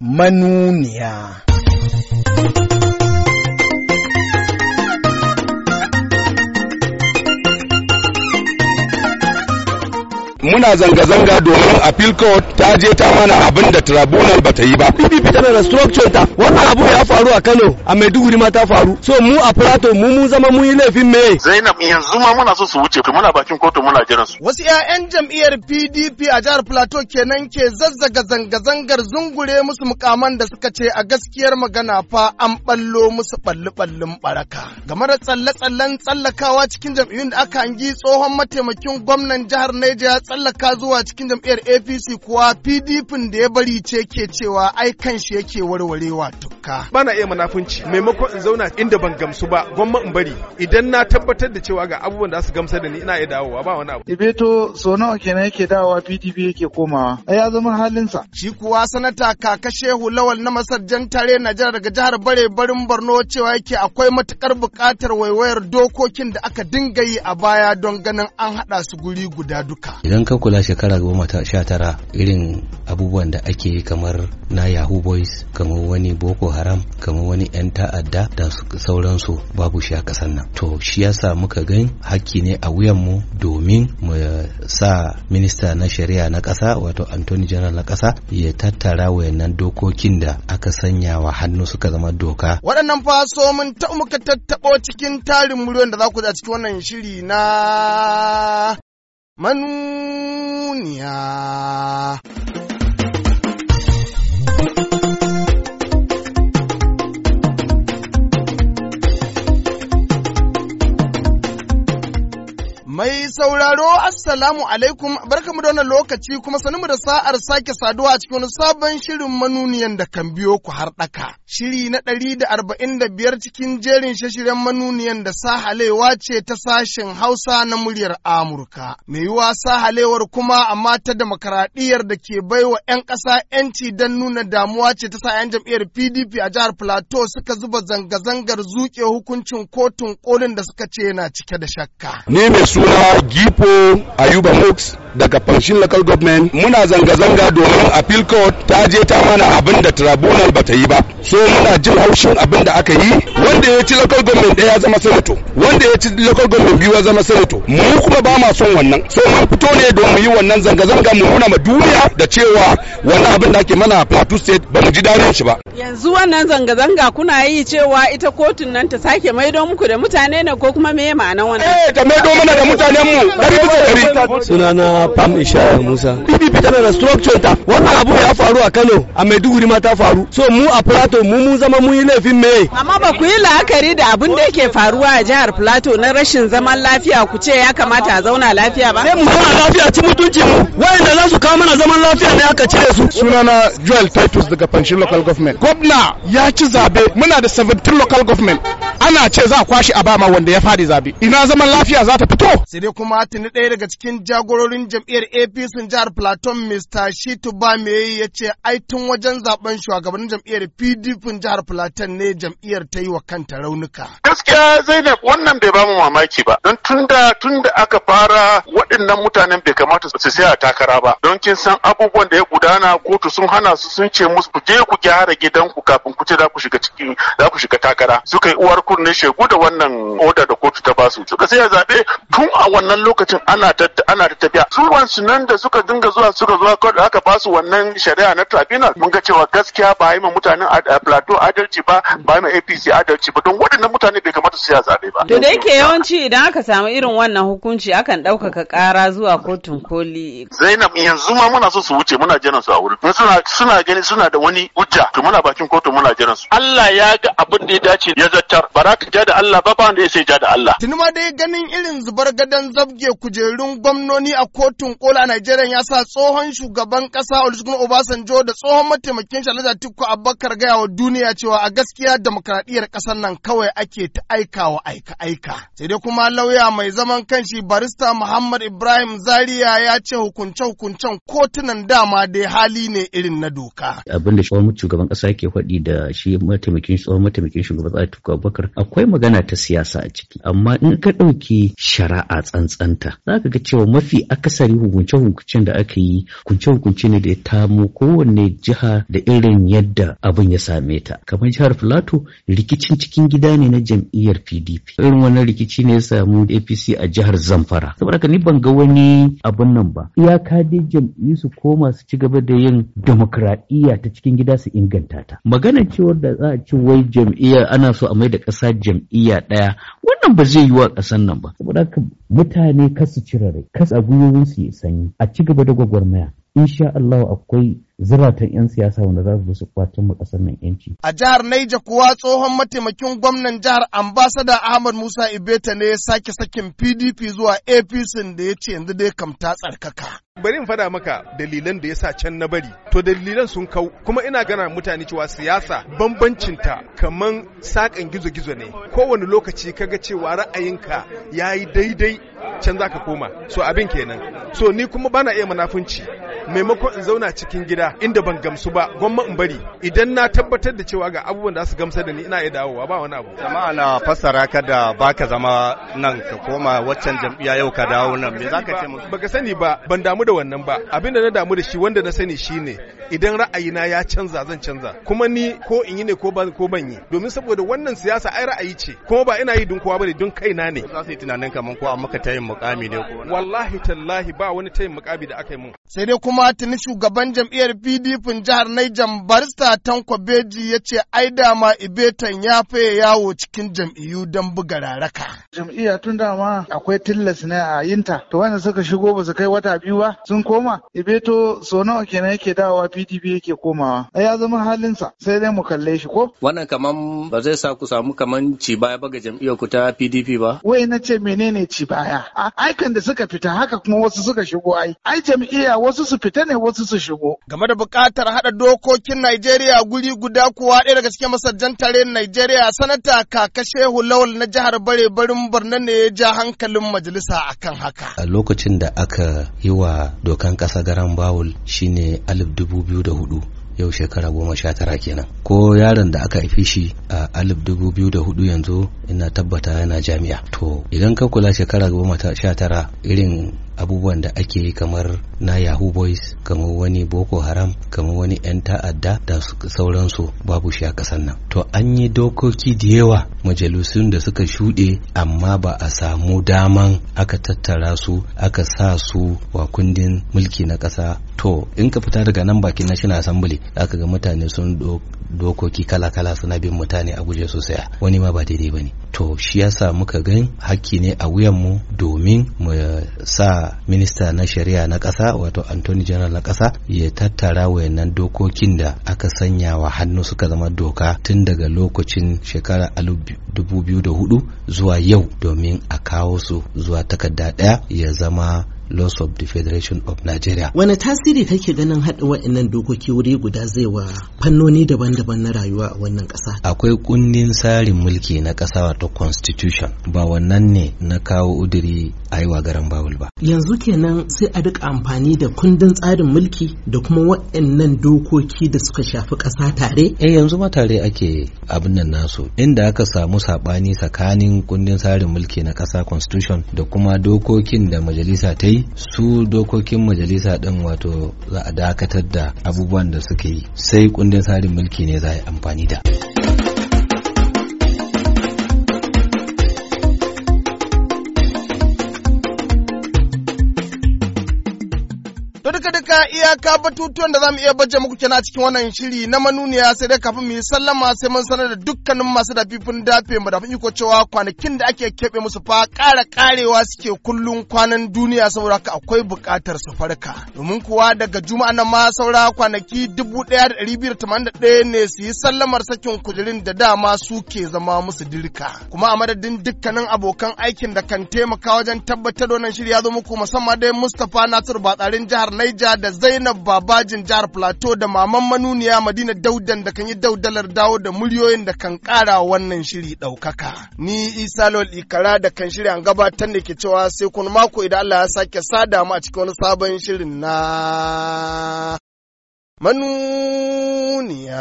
manuniya. muna zanga-zanga domin appeal court ta je ta mana abin da tribunal bata yi ba pdp tana da structure ta wannan abu ya faru a kano a maiduguri ma ta faru so mu a plateau mu mun zama mun yi laifin me zainab yanzu ma muna so su wuce muna bakin kotu muna jiran su wasu 'ya'yan jam'iyyar pdp a jihar plateau kenan ke zazzaga zanga-zangar zungure musu mukaman da suka ce a gaskiyar magana fa an ballo musu balli-ballin baraka game da tsalle-tsallen tsallakawa cikin jam'iyyun da aka hangi tsohon mataimakin gwamnan jihar Niger tsallaka zuwa cikin jam'iyyar apc kuwa pdp da ya bari ce ke cewa ai kanshi shi yake warwarewa to doka bana iya munafunci maimakon in zauna inda ban gamsu ba gwamma in bari idan na tabbatar da cewa ga abubuwan da su gamsar da ni ina iya dawowa ba wani abu ibeto so nawa kenan yake dawowa PDP yake komawa A ya zama halinsa shi kuwa sanata kaka shehu lawal na masar jan tare Najeriya daga jihar Bare barin Borno cewa yake akwai matukar buƙatar waiwayar dokokin da aka dinga yi a baya don ganin an haɗa su guri guda duka idan ka kula shekara goma sha tara irin abubuwan da ake yi kamar na Yahoo Boys kamar wani Boko haram kamar wani 'yan ta'adda da sauransu babu shi a ƙasar nan to shi yasa muka gan hakki ne a wuyanmu domin mu sa minista na shari'a na ƙasa wato antony general na ƙasa ya tattara wayannan dokokin da aka sanya wa hannu suka zama doka waɗannan faso mun ta muka tattabo cikin tarin muryoyin da za ku a cikin wannan shiri na manuniya Mai sauraro Assalamu alaikum mu da wannan lokaci kuma sanin mu da sa'ar sake saduwa a cikin sabon shirin manuniyan da kan biyo ku har ɗaka. Shiri na ɗari da arba'in da biyar cikin jerin shashiren manuniyan da sahalewa ce ta sashen Hausa na muryar Amurka. Mai yiwa sahalewar kuma amma ta demokaraɗiyar da ke baiwa 'yan ƙasa 'yanci don nuna damuwa ce ta sa 'yan jam'iyyar PDP a jihar Plateau suka zuba zanga-zangar zuƙe hukuncin kotun ƙolin da suka ce yana cike da shakka. Ni mai suna Gipo Ayuba Hooks daga fanshin Local Government muna zanga-zanga domin appeal court ta je ta mana abin da tribunal bata yi ba. So muna jin haushin abin da aka yi wanda ya ci local government ɗaya ya zama senator wanda ya ci local government biyu ya zama senator mu kuma ba ma son wannan. So mun fito ne don mu yi wannan zanga-zanga mu nuna ma duniya da cewa wannan abin da ake mana a Plateau State ba mu ji daɗin shi ba. Yanzu wannan zanga-zanga kuna yi cewa ita kotun nan ta sake maido muku da mutane ne ko kuma me ma'anar wannan? Eh ta maido mana da mutanen mu ɗari bisa ɗari. Sunana na Ishaya Musa. PDP tana da structure ta. Wannan abu ya faru a Kano, a Maiduguri ma ta faru. So mu a Plateau mu mun zama mun yi laifin me? Amma ba ku yi la'akari da abin da yake faruwa a jihar Plateau na rashin zaman lafiya ku ce ya kamata a zauna lafiya ba? Sai mu zauna lafiya ci mutunci mu. Wayanda za su kawo mana zaman lafiya ne aka cire su. Sunana Joel Titus daga Panshin Local Government. Gwamna ya ci zabe muna da 17 local government. Ana ce za a kwashi a bama wanda ya fadi zabe. Ina zaman lafiya za ta fi. to sai dai kuma tuni ɗaya daga cikin jagororin jam'iyyar APC jihar Plateau Mr. Shitu Bameye ya ce ai tun wajen zaben shugabannin jam'iyyar PDP jihar Plateau ne jam'iyyar ta yi wa kanta raunuka. Gaskiya Zainab wannan bai ba mu mamaki ba don tunda tunda aka fara waɗannan mutanen bai kamata su a takara ba don kin san abubuwan da ya gudana kotu sun hana su sun ce musu ku je ku gyara gidanku kafin ku ce za ku shiga ciki za ku shiga takara suka yi uwar kunne shegu da wannan oda da kotu ta basu suka saya zaɓe tun a wannan lokacin ana ta ana tafiya zuwan su nan da suka dinga zuwa suka zuwa kawai aka basu su wannan shari'a na tribunal mun ga cewa gaskiya ba yi ma mutanen plateau adalci ba ba yi ma APC adalci ba don waɗannan mutane bai kamata su ya zaɓe ba. To da yake yawanci idan aka samu irin wannan hukunci akan ɗaukaka ƙara zuwa kotun koli. Zainab yanzu ma muna so su wuce muna jiran su a wurin. Suna suna gani suna da wani hujja to muna bakin kotu muna jiran su. Allah ya ga abin da ya dace ya zartar Baraka za ja da Allah ba ba wanda ya sai ja da Allah. tunuma dai ganin irin gadon zabge kujerun gwamnoni a kotun kola Najeriya ya sa tsohon shugaban kasa Olusegun Obasanjo da tsohon mataimakin shi Alhaji Atiku Abubakar gaya wa duniya cewa a gaskiya demokradiyyar kasar nan kawai ake ta aika wa aika aika. Sai dai kuma lauya mai zaman kanshi barista Muhammad Ibrahim Zaria ya ce hukunce hukuncen kotunan dama dai hali ne irin na doka. Abin da tsohon shugaban kasa yake faɗi da shi mataimakin tsohon mataimakin shugaban Atiku Abubakar akwai magana ta siyasa a ciki amma in ka ɗauki sha a tsantsanta za ka ga cewa mafi akasari hukunce-hukuncen da aka yi hukunce-hukunce ne da ya tamo kowanne jiha da irin yadda abin ya same ta kamar jihar filato rikicin cikin gida ne na jam'iyyar pdp irin wannan rikici ne ya samu apc a jihar zamfara saboda ka ni ban ga wani abun nan ba iyaka dai jam'iyyu su koma su ci gaba da yin demokradiyya ta cikin gida su inganta ta maganar cewar da za a ci wai jam'iyyar ana so a mai da ƙasa jam'iyya ɗaya wannan ba zai yi wa ƙasan nan ba saboda mutane kasu cire rai kas a gwiwowinsu ya sanyi a ci gaba da gwagwarmaya In sha Allah akwai ziratan 'yan siyasa wanda za su su kwatan mu kasar nan yanci. A jihar Naija kuwa tsohon mataimakin gwamnan jihar ambasada Ahmad Musa Ibeta ne ya sake sakin PDP zuwa APC da ya ce yanzu dai kamta tsarkaka. Bari in fada maka dalilan da ya sa can na bari. To dalilan sun kau kuma ina gana mutane cewa siyasa bambancinta kamar sakan gizo-gizo ne. Kowane lokaci ka ga cewa ra'ayinka ya yi daidai can za ka koma. So abin kenan. So ni kuma bana iya munafunci. maimakon in zauna cikin gida inda ban gamsu ba gwamma in bari idan na tabbatar da cewa ga abubuwan da su gamsa da ni ina iya dawowa ba wani abu jama'a na fassara ka da baka zama nan ka koma waccan jam'iyya yau ka dawo nan me zaka ce musu baka sani ba ban damu da wannan ba abin da na damu da shi wanda na sani shine idan ra'ayina ya canza zan canza kuma ni ko in yi ne ko ban ko ban yi domin saboda wannan siyasa ai ra'ayi ce kuma ba ina yi dun kowa bane dun kaina ne za su yi tunanin kaman ko an maka tayin mukami ne ko wallahi tallahi ba wani tayin mukami da aka yi mun sai dai kuma kuma tuni shugaban jam'iyyar PDP jihar Niger barista Tanko Beji ya ce ai dama Ibetan ya faye yawo cikin jam'iyyu don buga raraka. Jam'iyya tun dama akwai tilas ne a yinta, to wanda suka shigo ba su kai wata biyu ba sun koma. Ibeto so nawa kenan yake dawowa PDP yake komawa. Ai ya zama halinsa sai dai mu kalle shi ko? Wannan kaman ba zai sa ku samu kaman ci baya ba ga jam'iyyar ku ta PDP ba. Wai na ce menene ci baya? Aikan da suka fita haka kuma wasu suka shigo ai. Ai jam'iyya wasu su fita ne wasu su shigo. Game da bukatar haɗa dokokin Najeriya guri guda kuwa ɗaya daga cikin masajjan tare Najeriya sanata kaka Shehu Lawal na jihar Bare barin Borno ne ya ja hankalin majalisa akan haka. A lokacin da aka yi wa dokan ƙasa garan Bawul shine alif dubu biyu da hudu yau shekara goma sha tara kenan ko yaron da aka haife shi a alif dubu biyu da hudu yanzu ina tabbata yana jami'a to idan ka kula shekara goma sha tara irin abubuwan da ake yi kamar na yahoo boys kamar wani boko haram kamar wani 'yan ta'adda da sauransu babu shi a kasan nan to an yi dokoki da yawa majalisun da suka shuɗe amma ba a samu daman aka tattara su aka sa su wa kundin mulki na ƙasa to in ka fita daga nan bakin national assembly aka ga mutane sun dokoki kala-kala suna bin mutane a guje su saya wani ma ba daidai ba ne to shi yasa muka gan hakki ne a wuyan mu domin mu sa minista na shari'a na kasa wato antony general na kasa ya tattara wayannan dokokin da aka sanya wa hannu suka zama doka tun daga lokacin shekara 2004 zuwa yau domin a kawo su zuwa takarda ɗaya ya zama laws of the federation of nigeria wani tasiri kake ganin haɗa waɗannan dokoki wuri guda zai wa fannoni daban-daban na rayuwa a wannan ƙasa akwai kundin tsarin mulki na ƙasa wato constitution ba wannan ne na kawo udiri a yi wa garan bawul ba yanzu kenan sai a duka amfani da kundin tsarin mulki da kuma waɗannan dokoki da suka shafi ƙasa tare eh yanzu ma tare ake abin nan nasu inda aka samu saɓani tsakanin kundin tsarin mulki na ƙasa constitution da kuma dokokin da majalisa ta yi su dokokin majalisa din wato za a dakatar da abubuwan da suka yi sai kundin tsarin mulki ne za a yi amfani da. duka-duka iyaka batutuwan da za mu iya baje muku kenan cikin wannan shiri na manuniya sai dai kafin mu yi sallama sai mun sanar da dukkanin masu dafifin dafe mu da iko cewa kwanakin da ake kebe musu fa ƙara ƙarewa suke kullun kwanan duniya saboda haka akwai buƙatar su farka. Domin kuwa daga juma'a nan ma saura kwanaki dubu ne su yi sallamar sakin kujerin da dama su ke zama musu dirka. Kuma a madadin dukkanin abokan aikin da kan taimaka wajen tabbatar da wannan shiri ya zo muku musamman dai Mustapha Nasiru Batsarin jihar Nai Naija da Zainab Babajin jihar Plateau da Maman Manuniya Madina Daudan da kan yi daudalar dawo da muryoyin da kan kara wannan shiri ɗaukaka. Ni Isa Lol Ikara da kan shirya gabatar da ke cewa sai kun mako idan Allah ya sake sada mu a cikin wani sabon shirin na manuniya.